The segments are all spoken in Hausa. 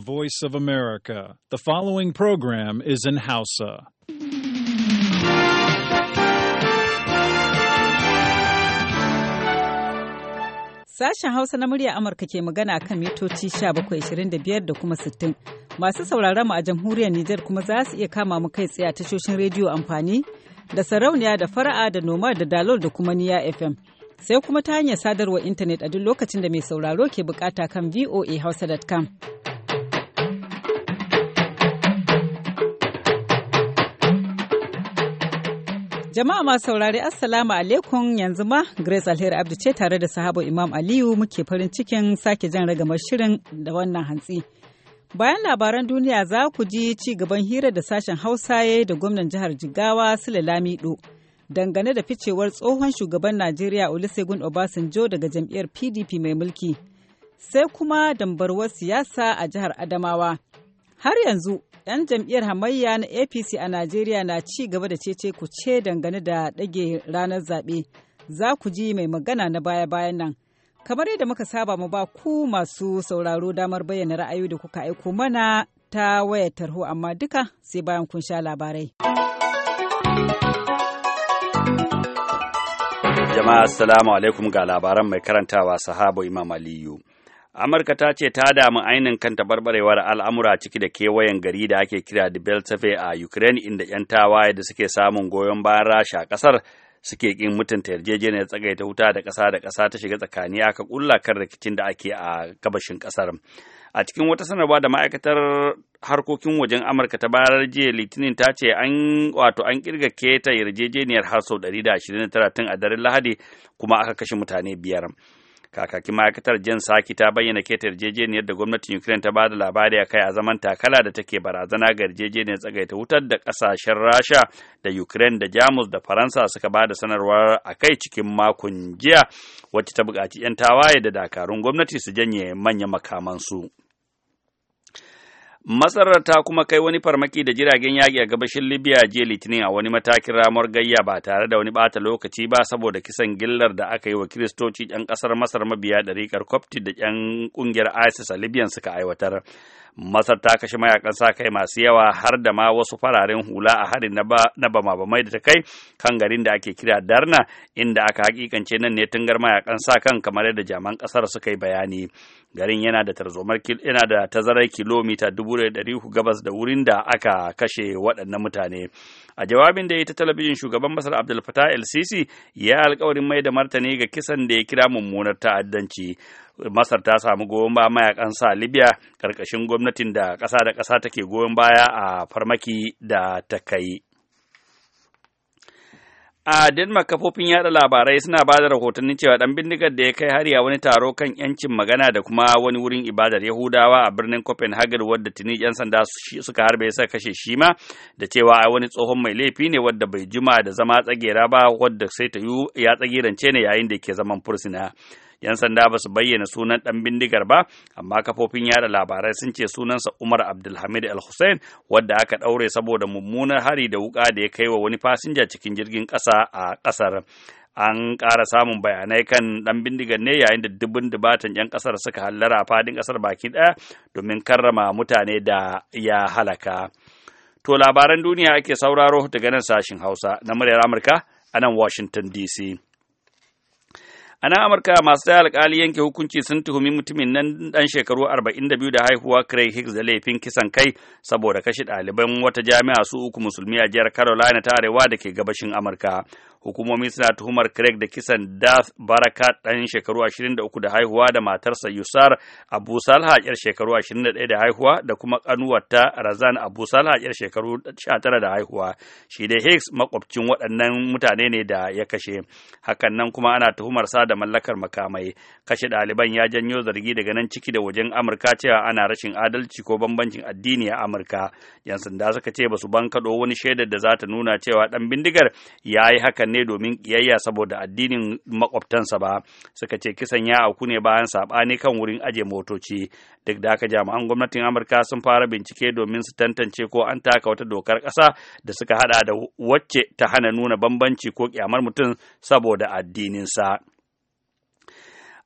Voice of America. The following program is in Hausa. Sashen Hausa na murya Amurka ke magana kan mitoci 1725 da kuma 60. Masu sauraron mu a jamhuriyar Nijar kuma za su iya kama mu kai tsaye a tashoshin rediyo amfani da sarauniya da fara'a da noma da dalol da kuma niya FM. Sai kuma ta hanyar sadarwar intanet a duk lokacin da mai sauraro ke bukata kan voahausa.com. Jama'a masu saurari Assalamu alaikum yanzu ma Grace Alheri Abdu ce tare da sahabo Imam Aliyu muke farin cikin sake jan ragamar shirin da wannan hantsi. Bayan labaran duniya za ku ji ci gaban hira da sashen Hausa ya da gwamnan jihar Jigawa Sule Lamido dangane da ficewar tsohon shugaban Najeriya Olusegun Obasanjo daga jam'iyyar PDP mai mulki. Sai kuma dambarwar siyasa a jihar Adamawa. Har yanzu 'yan jam'iyyar hamayya na apc a najeriya na ci gaba da cece ku ce dangane da ɗage ranar zaɓe za ku ji mai magana na baya-bayan nan kamar yadda muka saba mu ba ku masu sauraro damar bayyana ra'ayoyi da kuka aiko mana ta waya tarho amma duka sai bayan kun sha labarai jama'a assalamu alaikum ga labaran mai karantawa sahabo imam aliyu Amurka ta ce ta damu ainin kanta barbarewar al'amura ciki da kewayen gari da ake kira da Beltsafe a Ukraine inda ‘yan tawaye da suke samun goyon bayan Rasha a kasar suke ƙin mutunta yarjejeniyar tsagaita wuta da ƙasa da ƙasa ta shiga tsakani aka ƙulla kan rikicin da ake a gabashin ƙasar. a cikin wata sanarwa da ma'aikatar harkokin wajen amurka ta bayar jiya litinin ta ce an wato an ƙirga keta yarjejeniyar har sau 129 a daren lahadi kuma aka kashe mutane biyar kakakin ma'aikatar jan saki ta bayyana keta yarjejeniyar da gwamnatin ukraine ta bada labari a kai a zaman takala da take barazana ga yarjejeniyar tsagaita wutar da kasashen rasha da ukraine da jamus da faransa suka bada sanarwar a kai cikin makon jiya wacce ta buƙaci 'yan tawaye da dakarun gwamnati su janye manyan makamansu Masarar ta kuma kai wani farmaki da jiragen yaƙi a gabashin Libya jiya Litinin a wani matakin ramar gayya ba tare da wani bata lokaci ba saboda kisan gillar da aka yi wa Kiristoci 'yan ƙasar Masar mabiya ɗariƙar kwafti da 'yan ƙungiyar ISIS a Libyan suka aiwatar. Masar ta kashe mayakan sa kai masu yawa har da ma wasu fararen hula a harin na bama-bamai da ta kai kan garin da ake kira Darna inda aka hakikance nan ne tungar mayakan sa kan kamar yadda jaman ƙasar suka yi bayani. garin yana da tarzomar yana da tazarar kilomita 1,300 gabas da wurin da aka kashe waɗannan mutane a jawabin da ya ta talabijin shugaban masar abdul fatah el sisi ya alkawarin mai da martani ga kisan da ya kira mummunar ta'addanci masar ta samu goyon baya mayakan sa libya karkashin gwamnatin da ƙasa da ƙasa take goyon baya a farmaki da ta kai a Denmark kafofin yada labarai suna ba da rahotannin cewa dan bindigar da ya kai hari a wani taro kan yancin magana da kuma wani wurin ibadar Yahudawa a birnin Copenhagen wadda tuni yan sanda suka harbe sa kashe shi ma da cewa ai wani tsohon mai laifi ne wadda bai jima da zama tsagera ba wadda sai ta yi ya tsagerance ne yayin da ke zaman fursuna. 'Yan sanda ba su bayyana sunan ɗan bindigar ba, amma kafofin yada labarai sun ce sunansa Umar Abdulhamid al hussein wadda aka ɗaure saboda mummunar hari da wuka da ya kai wa wani fasinja cikin jirgin ƙasa a ƙasar. an ƙara samun bayanai kan ɗan bindigar ne yayin da dubun dubatan 'yan ƙasar suka hallara a fadin ƙasar baki ɗaya domin karrama mutane da ya halaka. To labaran duniya ake sauraro daga nan sashin Hausa na muryar Amurka a nan Washington DC. A nan Amurka masu tsaye alkali yanke hukunci sun tuhumi mutumin nan dan shekaru 42 da haihuwa Craig Hicks da laifin kisan kai saboda kashe ɗaliban wata jami'a su uku musulmi a jihar Carolina ta Arewa da ke gabashin Amurka. hukumomi suna tuhumar Craig da kisan Darth Baraka ɗan shekaru 23 da haihuwa da matarsa Yusar Abu Salha yar shekaru 21 da haihuwa da kuma kanuwarta Razan Abu Salha yar shekaru 19 da haihuwa. Shi dai Hicks makwabcin waɗannan mutane ne da ya kashe. Hakan nan kuma ana tuhumar sa da mallakar makamai. Kashe ɗaliban ya janyo zargi daga nan ciki da wajen Amurka cewa ana rashin adalci ko bambancin addini a Amurka. Yan sanda suka ce ba su bankaɗo wani shaidar da za ta nuna cewa ɗan bindigar ya yi hakan ne domin ƙiyayya saboda addinin makwabtansa ba suka ce kisan ya auku ne bayan saɓani kan wurin aje motoci duk da haka jami'an gwamnatin amurka sun fara bincike domin su tantance ko an taka wata dokar ƙasa da suka haɗa da wacce ta hana nuna bambanci ko ƙyamar mutum saboda addininsa.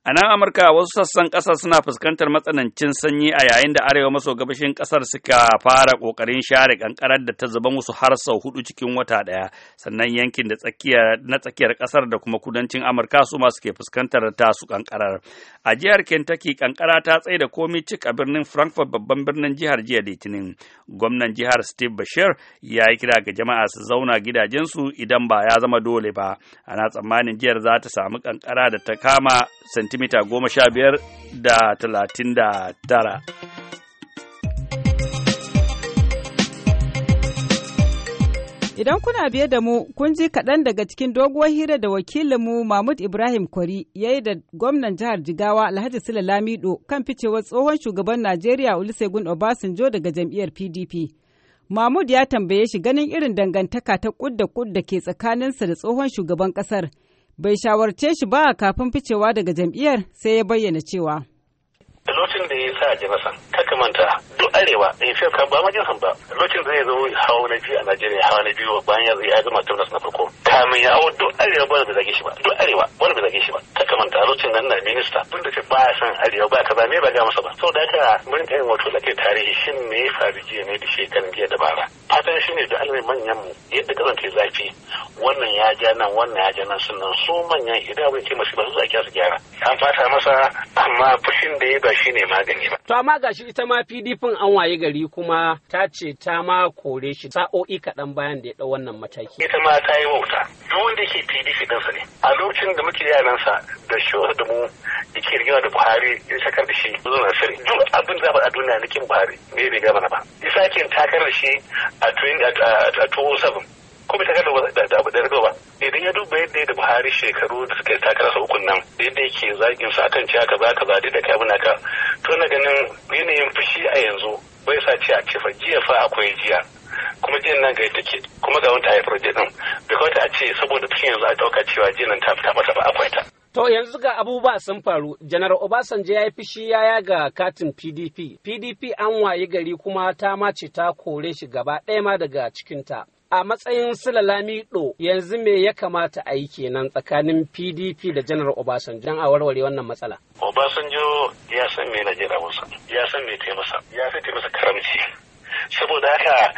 A nan Amurka wasu sassan ƙasar suna fuskantar matsanancin sanyi a yayin da arewa maso gabashin ƙasar suka fara ƙoƙarin share ƙanƙarar da ta zuba musu har sau hudu cikin wata ɗaya, sannan yankin da na tsakiyar ƙasar da kuma kudancin Amurka su masu suke fuskantar ta su ƙanƙarar. A jihar Kentucky ƙanƙara ta tsaye da komi cik a birnin Frankfurt babban birnin jihar jiya Litinin. Gwamnan jihar Steve Bashir ya yi kira ga jama'a su zauna gidajensu idan ba ya zama dole ba. Ana tsammanin jihar za ta samu ƙanƙara da ta kama sentimita goma sha biyar da talatin da tara. Idan kuna biye da mu, kun ji kaɗan daga cikin doguwar hira da wakilinmu Mahmud Ibrahim Kwari ya yi da gwamnan jihar Jigawa Alhaji Sule Lamido kan ficewar tsohon shugaban Najeriya Olusegun Obasanjo daga jam'iyyar PDP. Mahmud ya tambaye shi ganin irin dangantaka ta kud da kud da ke tsakaninsa da tsohon shugaban ƙasar. bai shawarce shi ba kafin ficewa daga jam'iyyar sai ya bayyana cewa lokacin da ya sa jinasan ta kamanta duk arewa eh, in ya ka ba majin san ba lokacin da zai zo hawa na biyu a najeriya hawa na biyu bayan ya zai ya a tabbas na farko kamin ya hawa duk arewa ba da zage shi ba duk arewa ba da zage shi ba ta kamanta lokacin nan na minista tun da ce ba a san arewa ba kaza me ba ga masa ba da haka mun kai wato da ke tarihi shin me ya faru jiya ne da shekarun jiya da bara fatan shi ne da alamai manyan mu yadda kasance zafi wannan ya ja nan wannan ya ja nan sannan su manyan idan abin ce masu ba su a su gyara an fata masa amma fushin da ya ba ne magani ba. To amma gashi ita ma PDP an waye gari kuma ta ce ta ma kore shi sa'o'i kaɗan bayan da ya ɗau wannan mataki. Ita ma ta yi wauta. Duk wanda ke PDP ɗansa ne. A lokacin da muke sa da shi da mu yake rigewa da Buhari ya sakar da shi zuwa sirri. Duk abin da a duniya na kin Buhari bai riga na ba. Isa sake takarar shi a 2007. ko bai takar da abu da ba idan ya duba yadda da buhari shekaru da suka yi takara sau ukun nan yadda yake zagin su akan ci haka zaka ka da kai ka to na ganin yanayin fushi a yanzu bai sa ce a ce fa jiya fa akwai jiya kuma jiyan nan gari ke kuma ga wata haifar jiya din bai kawata a ce saboda tun yanzu a ɗauka cewa jiyan ta fita mata ba akwai ta. To yanzu ga abubuwa sun faru, Janar Obasanjo ya yi fishi ya yaga katin PDP. PDP an waye gari kuma ta mace ta kore shi gaba ɗaya ma daga cikinta. a matsayin Sulalami do yanzu me ya kamata a yi kenan tsakanin PDP da Janar Obasanjo don a warware wannan matsala? Obasanjo ya san me Najeriya masa, ya san me taimasa, ya san masa karamci. Saboda haka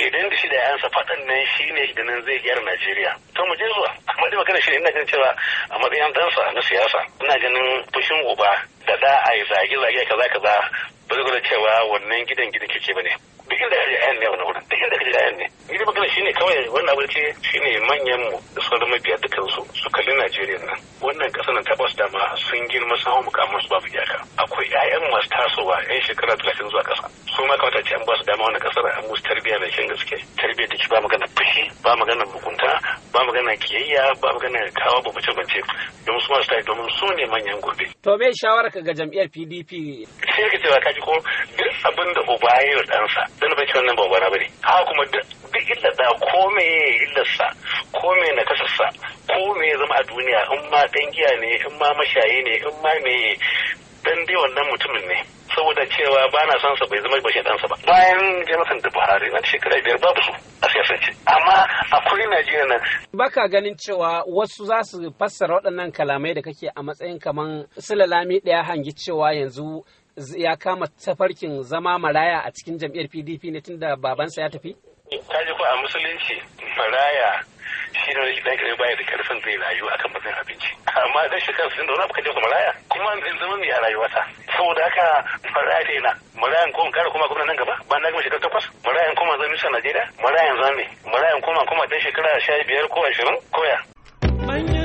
idan da shi da yansa faɗan nan shi ne da nan zai gyara Najeriya. To mu je zuwa. Amma dai magana shi ne ina ganin cewa a matsayin dansa na siyasa ina ganin fushin uba da da a yi zage-zage kaza-kaza ba zai cewa wannan gidan gidan kyauke ba ne. duk inda kaje ayan ne wani wurin duk inda kaje ne ni dai magana shine kawai wannan abu ce shine manyan mu da sauran mabiya dukkan su su kalli Najeriya nan wannan kasar nan tabbas dama sun girma sun hau su babu iyaka akwai ƴaƴan masu tasowa ƴan shekara talatin zuwa ƙasa su ma kawata ce an ba su dama wannan kasar an musu tarbiyya mai kyan gaske Tarbiyyar da ba magana fushi ba magana mugunta ba magana kiyayya ba magana kawo babace bace domin su masu domin su ne manyan gobe. To me shawarar ka ga jam'iyyar PDP? Sai ka cewa kaji ko duk abin da uba ya yi ɗansa dan bai cewa nan ba na bane. Ha kuma duk illa da ko me illarsa ko me na kasarsa ko me ya zama a duniya in ma ɗan giya ne in ma mashayi ne in ma me dan dai wannan mutumin ne. saboda cewa ba na son sa bai zama bashin ɗansa ba bayan jonathan da buhari na shekara biyar babu su a siyasance amma akwai najeriya nan baka ganin cewa wasu za su fassara waɗannan kalamai da kake a matsayin kaman silalami ɗaya hangi cewa yanzu ya kama tafarkin zama maraya a cikin jam'iyyar pdp ne tunda babansa ya tafi ka ji ko a musulunci maraya shi ne rashin ɗan ƙarfi baya da karfin zai rayu akan bakin abinci amma dan shi kansa sun da wani bukatun malaya kuma zai zama mai a rayuwata saboda haka fara da yana malayan kuma kara kuma kuma nan gaba ba na gama shekara takwas malayan kuma zan nisa najeriya malayan ne malayan kuma kuma dan shekara sha biyar ko ashirin koya.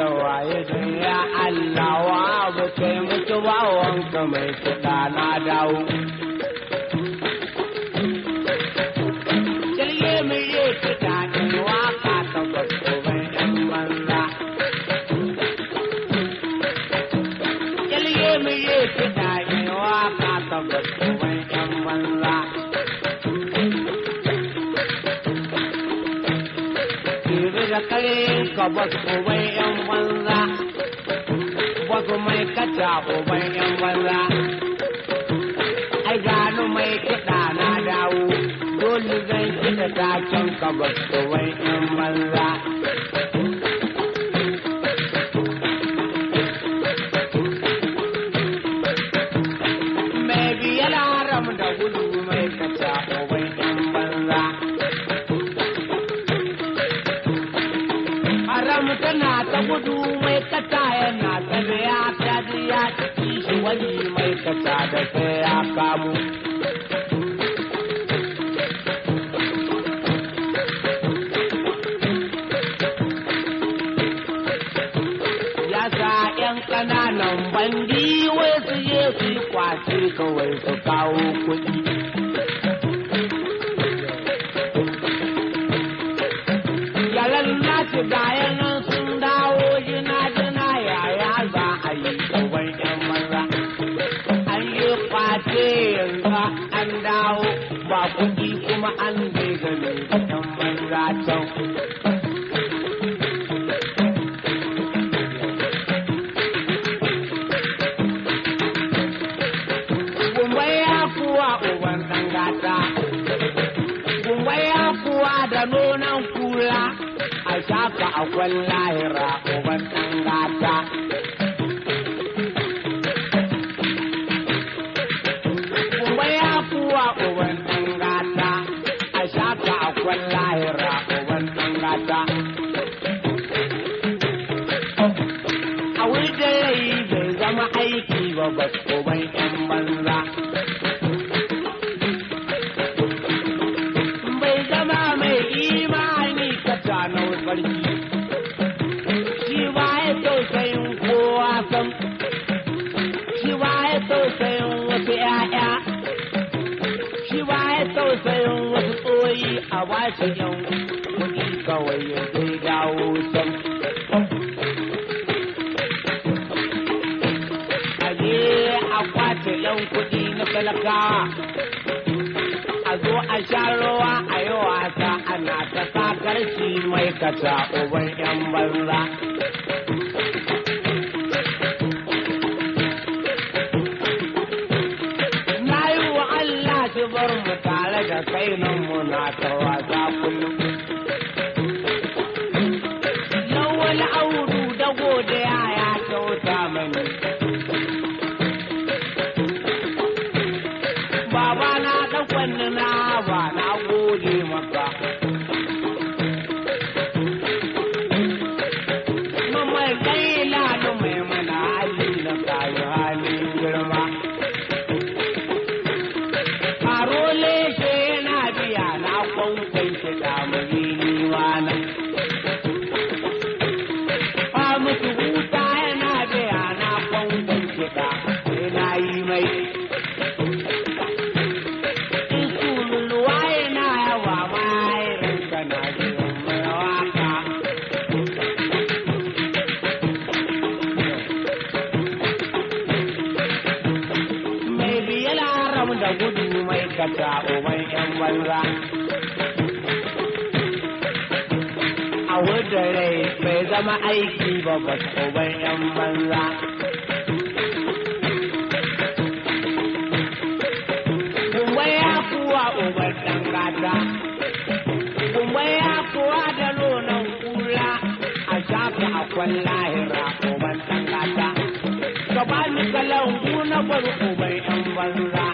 Allah waye don ya Allah wa ba mutu ba wanka mai kiɗa na dawo. wasu uban yan banza wasu mai kata uban yan banza ai gano mai kiɗa na dawo dole zan kiɗa taken kabas uban yan banza सबू में कटाए नाटक uban sangata. Kumbaya kuwa da nonon kula a shafa a lahira uban sangata. Kumbaya kuwa uban sangata a shafa a lahira uban sangata. A wuce bai zama aiki ba a bashi yan kawai ya zai dawo can. Aje a kwace yan kuɗi na talakawa, a zo a sha rawa a yi wasa ana ta sakarci mai kata uban yan banza. daga kai nan muna tawa zafi aiki ba ba tsoban yan banza kuma ya kuwa uban ɗan gata kuma ya kuwa da nonon kula a shafi a kwallahira uban ɗan gata ka ba ni kalan na bar uban yan banza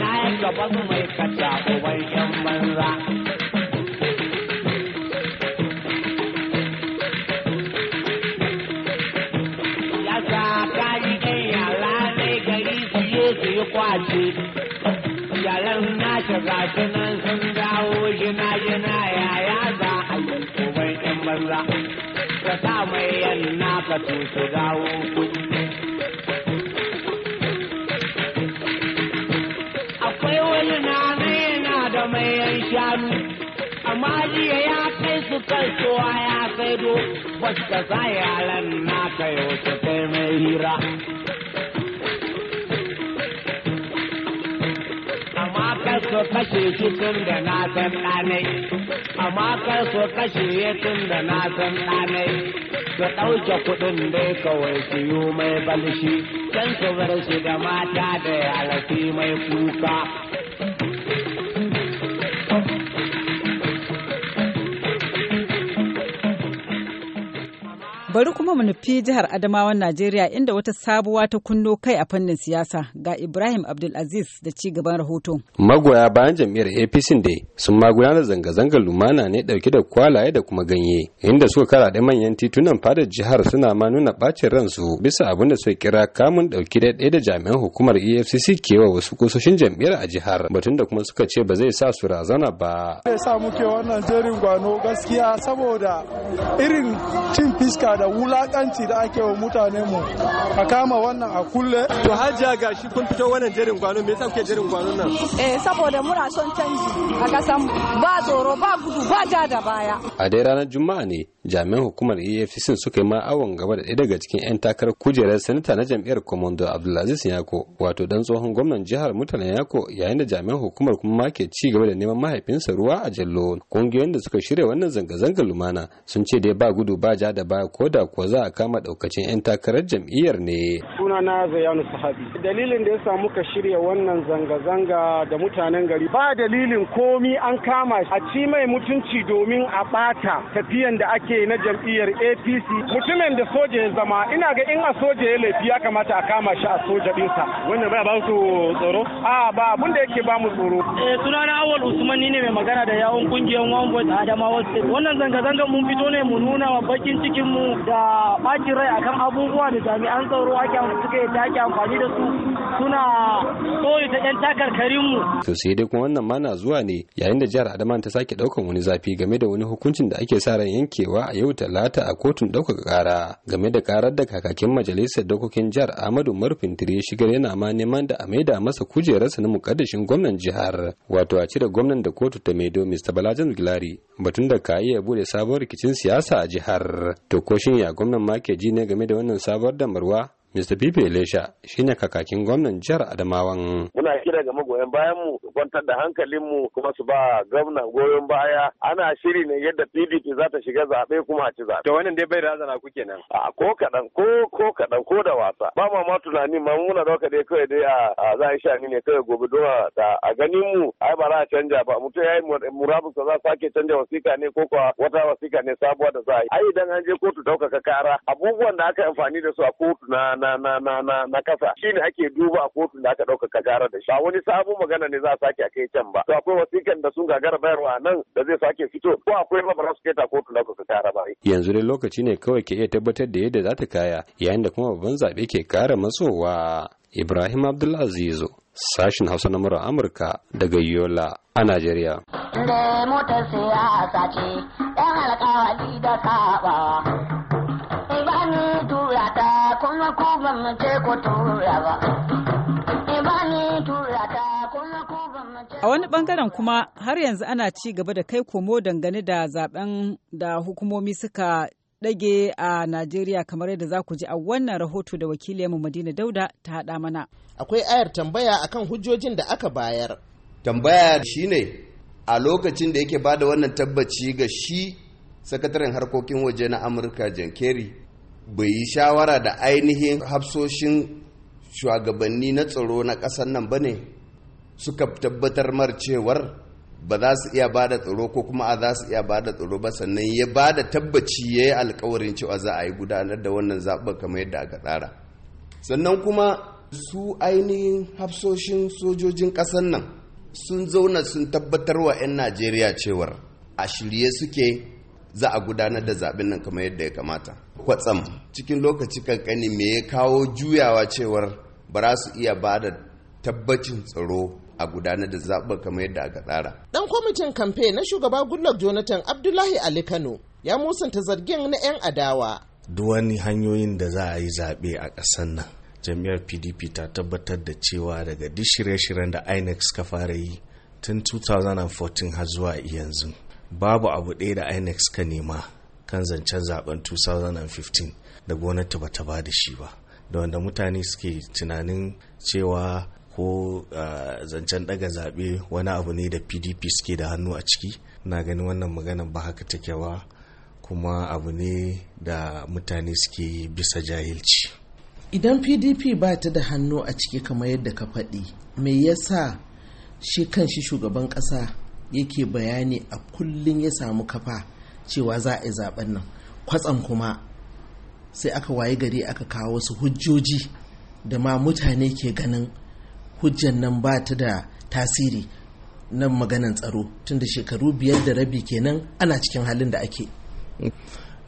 na yi gaban mai kata uban yan banza ga nan sun dawo gina gina yaya za a yi komai banza maza ka sa mai yanna ka to su dawo akwai wani na yana da mai yan shanu amma jiya ya kai su kasuwa ya kai do wasu ka sa yaran naka yau su kai mai hira su kashe shi tun da na san ɗanai amma kar su kashe ya tun da na san ɗanai su ɗauke kuɗin dai kawai su yi mai balshi can su bar shi da mata da yarafi mai kuka Bari kuma mu nufi jihar Adamawan Najeriya inda wata sabuwa ta kunno kai a fannin siyasa ga Ibrahim Abdulaziz da ci gaban rahoto. Magoya bayan jam'iyyar APC da sun magoya da zanga-zangar lumana ne dauke da kwalaye da kuma ganye inda suka kara da manyan titunan fadar jihar suna ma nuna bacin ransu bisa abin da suka kira kamun dauki da ɗaya da jami'an hukumar EFCC kewa wasu kusoshin jam'iyyar a jihar batun da kuma suka ce ba zai sa su razana ba. Zai sa muke wannan jerin gwano gaskiya saboda irin cin fiska da da wulakanci da ake wa mutane mu a kama wannan a kulle to hajiya gashi kun fito wannan jerin gwano me yasa kuke jerin gwano nan eh saboda muna son canji a kasan ba tsoro ba gudu ba ja da baya a dai ranar juma'a ne jami'an hukumar efcc suka yi ma awon gaba da ɗaya daga cikin 'yan takarar kujerar sanata na jam'iyyar komando abdulaziz yako wato dan tsohon gwamnan jihar mutane yako yayin da jami'an hukumar kuma ma ke ci gaba da neman mahaifinsa ruwa a jallo kungiyoyin da suka shirya wannan zanga-zangar lumana sun ce dai ba gudu ba ja da baya ko da kuwa za a kama daukacin 'yan takarar jam'iyyar ne. Suna na Zayanu Sahabi. Dalilin da ya sa muka shirya wannan zanga-zanga da mutanen gari ba dalilin komi an kama a ci mai mutunci domin a ɓata tafiyan da ake na jam'iyyar APC. Mutumin da soja ya zama ina ga in a soja ya laifi ya kamata a kama shi a soja dinsa. Wannan ba ba su tsoro? A ba abun da yake ba mu tsoro. Eh, Suna na Awal Usman ne mai magana da yawon kungiyar One Voice Adamawa State. Wannan zanga zanga mun fito ne mu nuna wa bakin cikin mu da bakin rai akan abubuwa da jami'an tsaro ake suka yi ake amfani da su suna tsoyi ta yan takarkarinmu. To sai dai kuma wannan mana zuwa ne yayin da jihar Adama ta sake ɗaukan wani zafi game da wani hukuncin da ake sa ran yankewa a yau talata a kotun ɗaukaka ƙara game da karar da kakakin majalisar dokokin jihar Ahmadu Murfin Tire shigar yana ma neman da a maida masa kujerarsa na mukaddashin gwamnan jihar wato a cire gwamnan da kotu ta maido Mr. Balajan Gilari batun da ka iya bude sabon rikicin siyasa a jihar. To ko shi shin ya gwamnan ma ke ji ne game da wannan sabuwar damarwa Mr. Bibi Elisha shine kakakin gwamnan jihar Adamawan. Muna kira ga magoyan bayan mu kwantar da hankalin mu kuma su ba gwamnan goyon baya ana shiri ne yadda PDP za ta shiga zaɓe kuma a ci zaɓe. To wannan dai bai razana ku kenan. A ko kaɗan ko ko kaɗan ko da wasa. Ba ma ma tunani ma muna dauka dai kawai dai a za a shani ne kawai gobe don da a ganin mu ai ba za a canja ba mutum ya yi murabusa za sake canja wasika ne ko kuwa wata wasika ne sabuwa da za a yi. Ai idan an je kotu ɗaukaka kara abubuwan da aka amfani da su a kotu na na na na na na kasa shine ake duba a kotun da aka ɗauka kajara da shi ba wani sabon magana ne za a sake a kai can ba to akwai wasikan da sun gagara bayarwa nan da zai sake fito ko akwai ba za su kai ta kotun da aka kajara ba yanzu dai lokaci ne kawai ke iya tabbatar da yadda za ta kaya yayin da kuma babban zaɓe ke kara masowa Ibrahim Abdulaziz sashin Hausa na murar Amurka daga Yola a Najeriya. Da motar siyasa ce, ɗan da kaɓawa. Eh, a wani bangaren kuma har yanzu ana ci gaba da kai komo dangane da zaben da hukumomi suka ɗage a Najeriya kamar yadda za ku ji a wannan rahoto da wakiliyarmu Madina Dauda ta haɗa mana. Akwai ayar tambaya akan hujjojin da aka bayar. Tambaya shine a lokacin da yake bada wannan tabbaci ga shi sakataren harkokin waje na Amurka John Kerry bai yi shawara da ainihin hafsoshin shugabanni na tsaro na ƙasar nan ba ne suka tabbatar mar cewar ba za su iya ba da tsaro ko kuma a za su iya ba da tsaro ba sannan ya ba da tabbaci ya yi alkawarin cewa za a yi gudanar da wannan zaɓen kamar yadda aka tsara sannan kuma su ainihin hafsoshin sojojin ƙasar nan sun zauna sun tabbatar wa 'yan najeriya cewar a shirye suke za a gudanar da zaɓen nan kamar yadda ya kamata kwatsam cikin lokaci kankani me ya kawo juyawa cewar ba za su iya ba da tabbacin tsaro a gudanar da zaɓar kamar yadda aka tsara. Ɗan kwamitin kamfe na shugaba Goodluck Jonathan Abdullahi Ali Kano ya musanta zargin na 'yan adawa. Duk wani hanyoyin da za a yi zaɓe a ƙasar nan. Jami'ar PDP ta tabbatar da cewa daga duk shirye-shiryen da INEC ka fara yi tun 2014 har zuwa yanzu. Babu abu ɗaya da INEC ka nema kan zancen zaɓen 2015 da gwamnati ba ta ba da shi ba. da wanda mutane suke tunanin cewa ko ah, zancen daga zaɓe wani abu ne da pdp suke da hannu a ciki na ganin wannan maganan ba haka take ba kuma abu ne da mutane suke bisa jahilci idan pdp ba ta da hannu a ciki kamar yadda ka faɗi me yasa shi kan shi shugaban ƙasa yake bayani a kullum ya samu kafa cewa za a yi zaben nan kwatsam kuma sai aka waye gari aka kawo wasu hujjoji da ma mutane ke ganin hujjan nan ba ta da tasiri na maganan tsaro tun da shekaru biyar da rabi kenan ana cikin halin da ake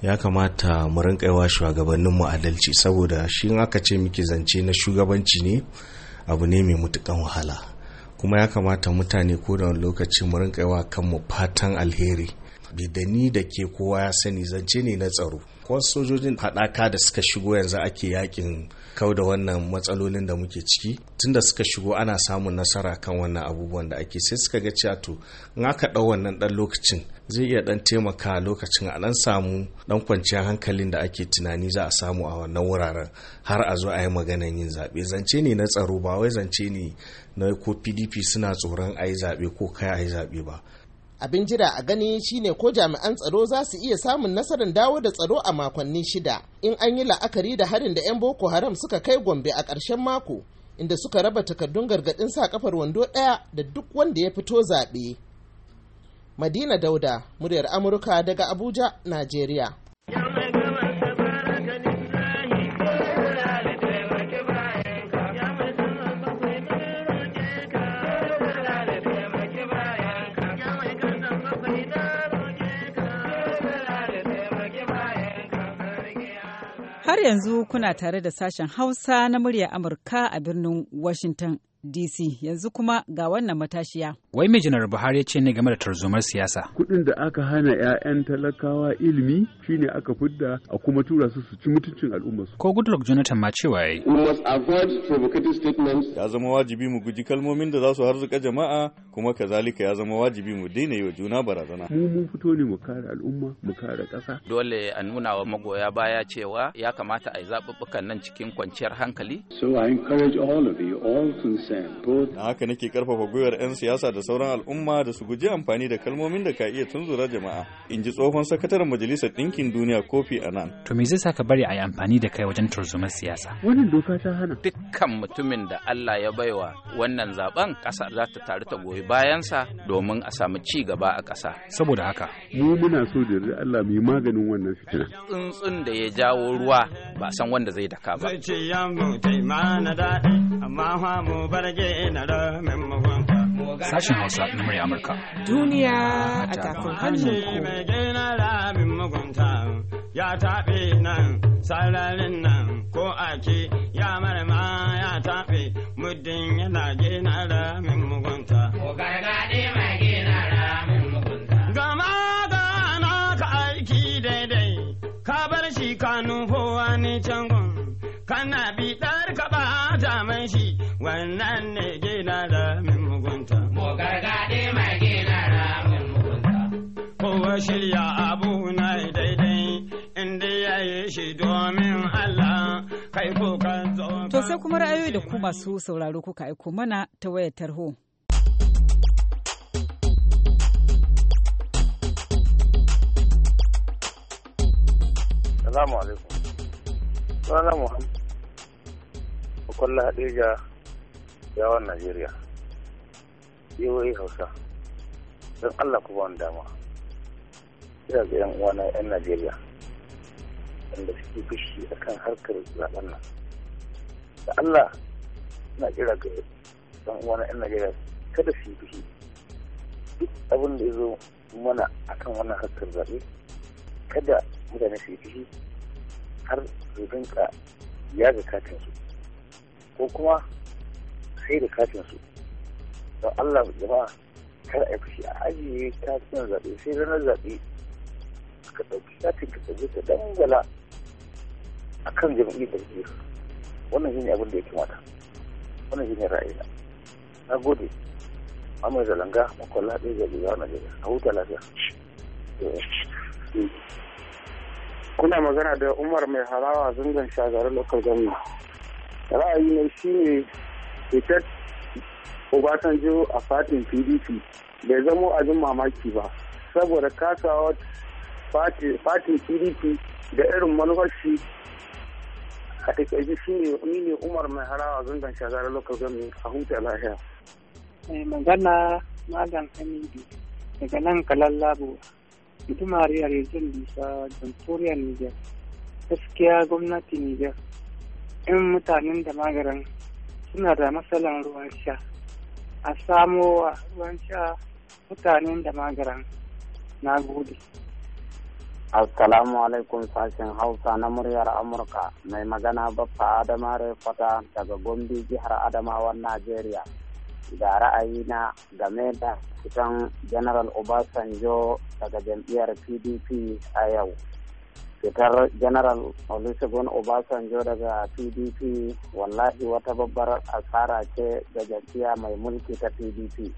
ya kamata mu rinkaiwa shugabanninmu adalci saboda shi aka ce miki zance na shugabanci ne abu ne mai mutukan wahala kuma ya kamata mutane ko da wani lokaci mu rinkaiwa kanmu fatan alheri bidani da ke kowa ya sani zance ne na tsaro wasu sojojin haɗaka da suka shigo yanzu ake yakin kau da wannan matsalolin da muke ciki tunda suka shigo ana samun nasara kan wannan abubuwan da ake sai suka ga cewa to in aka ɗau wannan ɗan lokacin zai iya ɗan taimaka lokacin a ɗan samu ɗan kwanciyar hankalin da ake tunani za a samu a wannan wuraren har a zo a yi maganan yin zaɓe zance ne na tsaro ba wai zance ne na ko pdp suna tsoron a yi zaɓe ko kai a yi zaɓe ba abin jira a gani shine ko jami'an tsaro za su iya samun nasarar dawo da tsaro a makonni shida in an yi la'akari da harin da 'yan boko haram suka kai gombe a ƙarshen mako inda suka raba takardun gargaɗin sa kafar wando ɗaya da duk wanda ya fito zaɓe madina dauda muryar amurka daga abuja najeriya Har yanzu kuna tare da sashen Hausa na murya Amurka a birnin Washington. DC yanzu kuma ga wannan matashiya. Wai mai janar Buhari ce ne game da tarzomar siyasa. Kuɗin da aka hana 'ya'yan talakawa ilimi shine aka fidda a kuma tura su su ci mutuncin al'ummarsu. Ko Goodluck Jonathan ma cewa yayi. We must avoid provocative statements. Ya zama wajibi mu guji kalmomin da za su harzuka jama'a kuma kazalika ya zama wajibi mu daina yi wa juna barazana. Mu mun fito ne mu kare al'umma mu kare ƙasa. Dole a nuna wa magoya baya cewa ya kamata a yi zaɓuɓɓukan nan cikin kwanciyar hankali. So I encourage all of you all consent Na haka nake karfafa gwiwar 'yan siyasa da sauran al'umma da su guji amfani da kalmomin da ka iya tunzura jama'a, in ji tsohon sakataren Majalisar Ɗinkin Duniya Kofi Annan. To me zai saka bari a yi amfani da kai wajen turzumar siyasa? Wannan doka ta hana. Dukkan mutumin da Allah ya baiwa wannan zaben ƙasa za ta taru ta goyi bayansa domin a samu ci gaba a ƙasa. Saboda haka. Mu muna so da Allah mu maganin wannan fitina. Tsuntsun da ya jawo ruwa ba san wanda zai daka ba. Zai Sashen Hausa na murya Amurka. Duniya a tafin Mai ramin ya taɓe nan sararin nan ko ake ya marama ya taɓe muddin yana gina ramin mugunta. wannan ne gina da min mugunta. Mu gargaɗe mai gina da min mugunta. Kowa shirya abu na daidai inda ya yi shi domin Allah kai ko kan zo. To sai kuma ra'ayoyi da ku masu sauraro kuka aiko mana ta wayar tarho. Salamu alaikum. Sunana Muhammad. Kwallo Hadiza yawon najeriya jihohi hausa don allah ku wani dama ina ga yan uwana yan najeriya wanda suke fushi a kan harkar zaɓen nan da allah na kira ga yan uwana yan najeriya kada su yi fushi duk abin da ya zo mana a kan wannan harkar zaɓe kada mutane su yi fushi har su rinka yaga katin su ko kuma sai da katin su don Allah jama'a kar a fushi a ajiye katin zaɓe sai ranar zaɓe ka ɗauki katin ka ɗauki ta dangala a kan jam'iyyar da ke wannan shi ne abin da ya kamata wannan shi ne ra'ayina na gode amma zalanga makwalla ɗaya zaɓe za na jira a huta lafiya kuna magana da umar mai halawa zungon shagarar lokal gwamna ra'ayi ne shi ne fitar obasanjo a fatin pdp bai zamo abin mamaki ba saboda kasawa fatin pdp da irin manufarshi a takaice shi ne ne umar mai harawa zangon shagarar local government a huta lahiya magana magan hamidu daga nan mutum a riyar yanzu bisa jamhuriyar niger gaskiya gwamnati niger in mutanen da magaran suna da matsalan ruwan sha a samo ruwan sha mutanen da magaran na gode assalamu alaikum sashen hausa na muryar amurka mai magana baffa adama fata daga gombe jihar adamawan najeriya da na game da fitan general obasanjo daga jam'iyyar pdp a yau fitar general olusegun obasanjo daga pdp wallahi wata babbar asara ce ga jam'iyya mai mulki ta pdp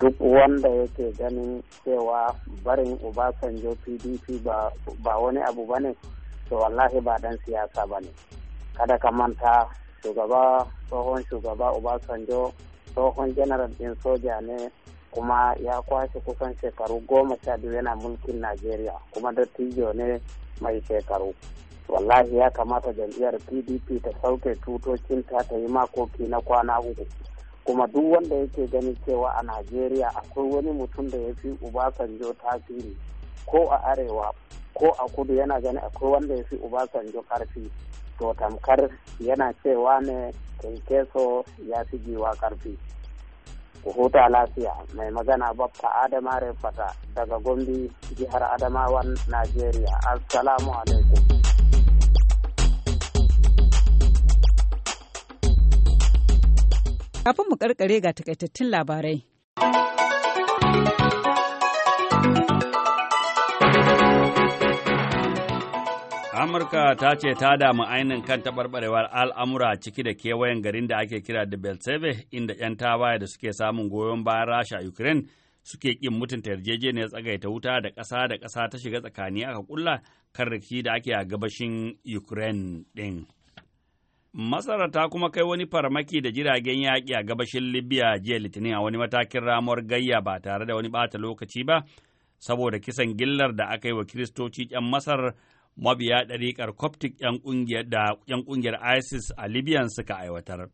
duk wanda yake ganin cewa barin obasanjo pdp ba wani abu bane to wallahi ba dan siyasa bane kada ka manta shugaba tsohon shugaba obasanjo tsohon general din soja ne kuma ya kwashe kusan shekaru goma sha biyu yana mulkin najeriya kuma dattijo ne mai shekaru wallahi ya kamata jam'iyyar pdp ta sauke cutocin ta yi makoki na kwana uku kuma duk wanda yake gani cewa a najeriya akwai wani mutum da ya fi ubasanjo tasiri ko a arewa ko a kudu yana gani akwai wanda ya fi ubasanjo karfi to tamkar yana cewa ne kenkeso ya fi giwa karfi ku huta lafiya mai magana babba adama fata daga gombe jihar adamawan najeriya assalamu alaikum kafin mu karkare ga takaitattun labarai Amurka ta ce ta damu ainihin kan taɓarɓarewar al'amura ciki da kewayen garin da ake kira da Belseve inda ‘yan tawaye da suke samun goyon bayan Rasha a Ukraine suke ƙin mutunta yarjejeniyar tsagaita wuta da ƙasa da ƙasa ta shiga tsakani aka ƙulla kan rikici da ake a gabashin Ukraine ɗin. Masarar ta kuma kai wani farmaki da jiragen yaƙi a gabashin Libya jiya Litinin a wani matakin ramuwar gayya ba tare da wani ɓata lokaci ba saboda kisan gillar da aka yi wa Kiristoci ‘yan Masar mabiya ɗariƙar Coptic 'yan ƙungiyar ISIS a Libyan suka aiwatar.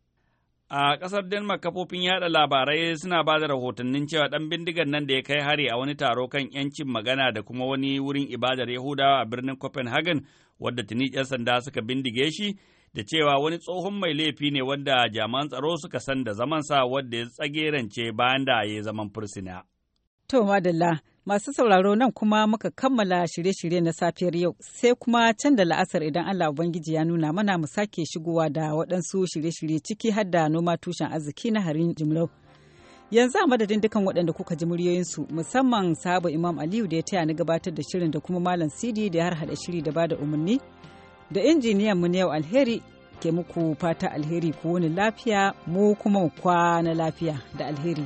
A ƙasar Denmark kafofin yada labarai suna ba da rahotannin cewa ɗan bindigar nan da ya kai hari a wani taro kan 'yancin magana da kuma wani wurin ibadar Yahudawa a birnin Copenhagen wadda tuni 'yan sanda suka bindige shi da cewa wani tsohon mai laifi ne wadda jami'an tsaro suka san da zamansa wadda ya tsagerance bayan da ya zaman fursuna. To madalla masu sauraro nan kuma muka kammala shirye-shirye na safiyar yau sai kuma can da la'asar idan Allah Ubangiji ya nuna mana mu sake shigowa da waɗansu shirye-shirye ciki har da noma tushen arziki na harin jimlau. Yanzu a madadin dukan waɗanda kuka ji muryoyinsu musamman sahaba Imam Aliyu da ya taya ni gabatar da shirin da kuma Malam Sidi da ya har hada shiri da bada umarni da injiniyan mu na yau alheri ke muku fata alheri ku wani lafiya mu kuma kwana lafiya da alheri.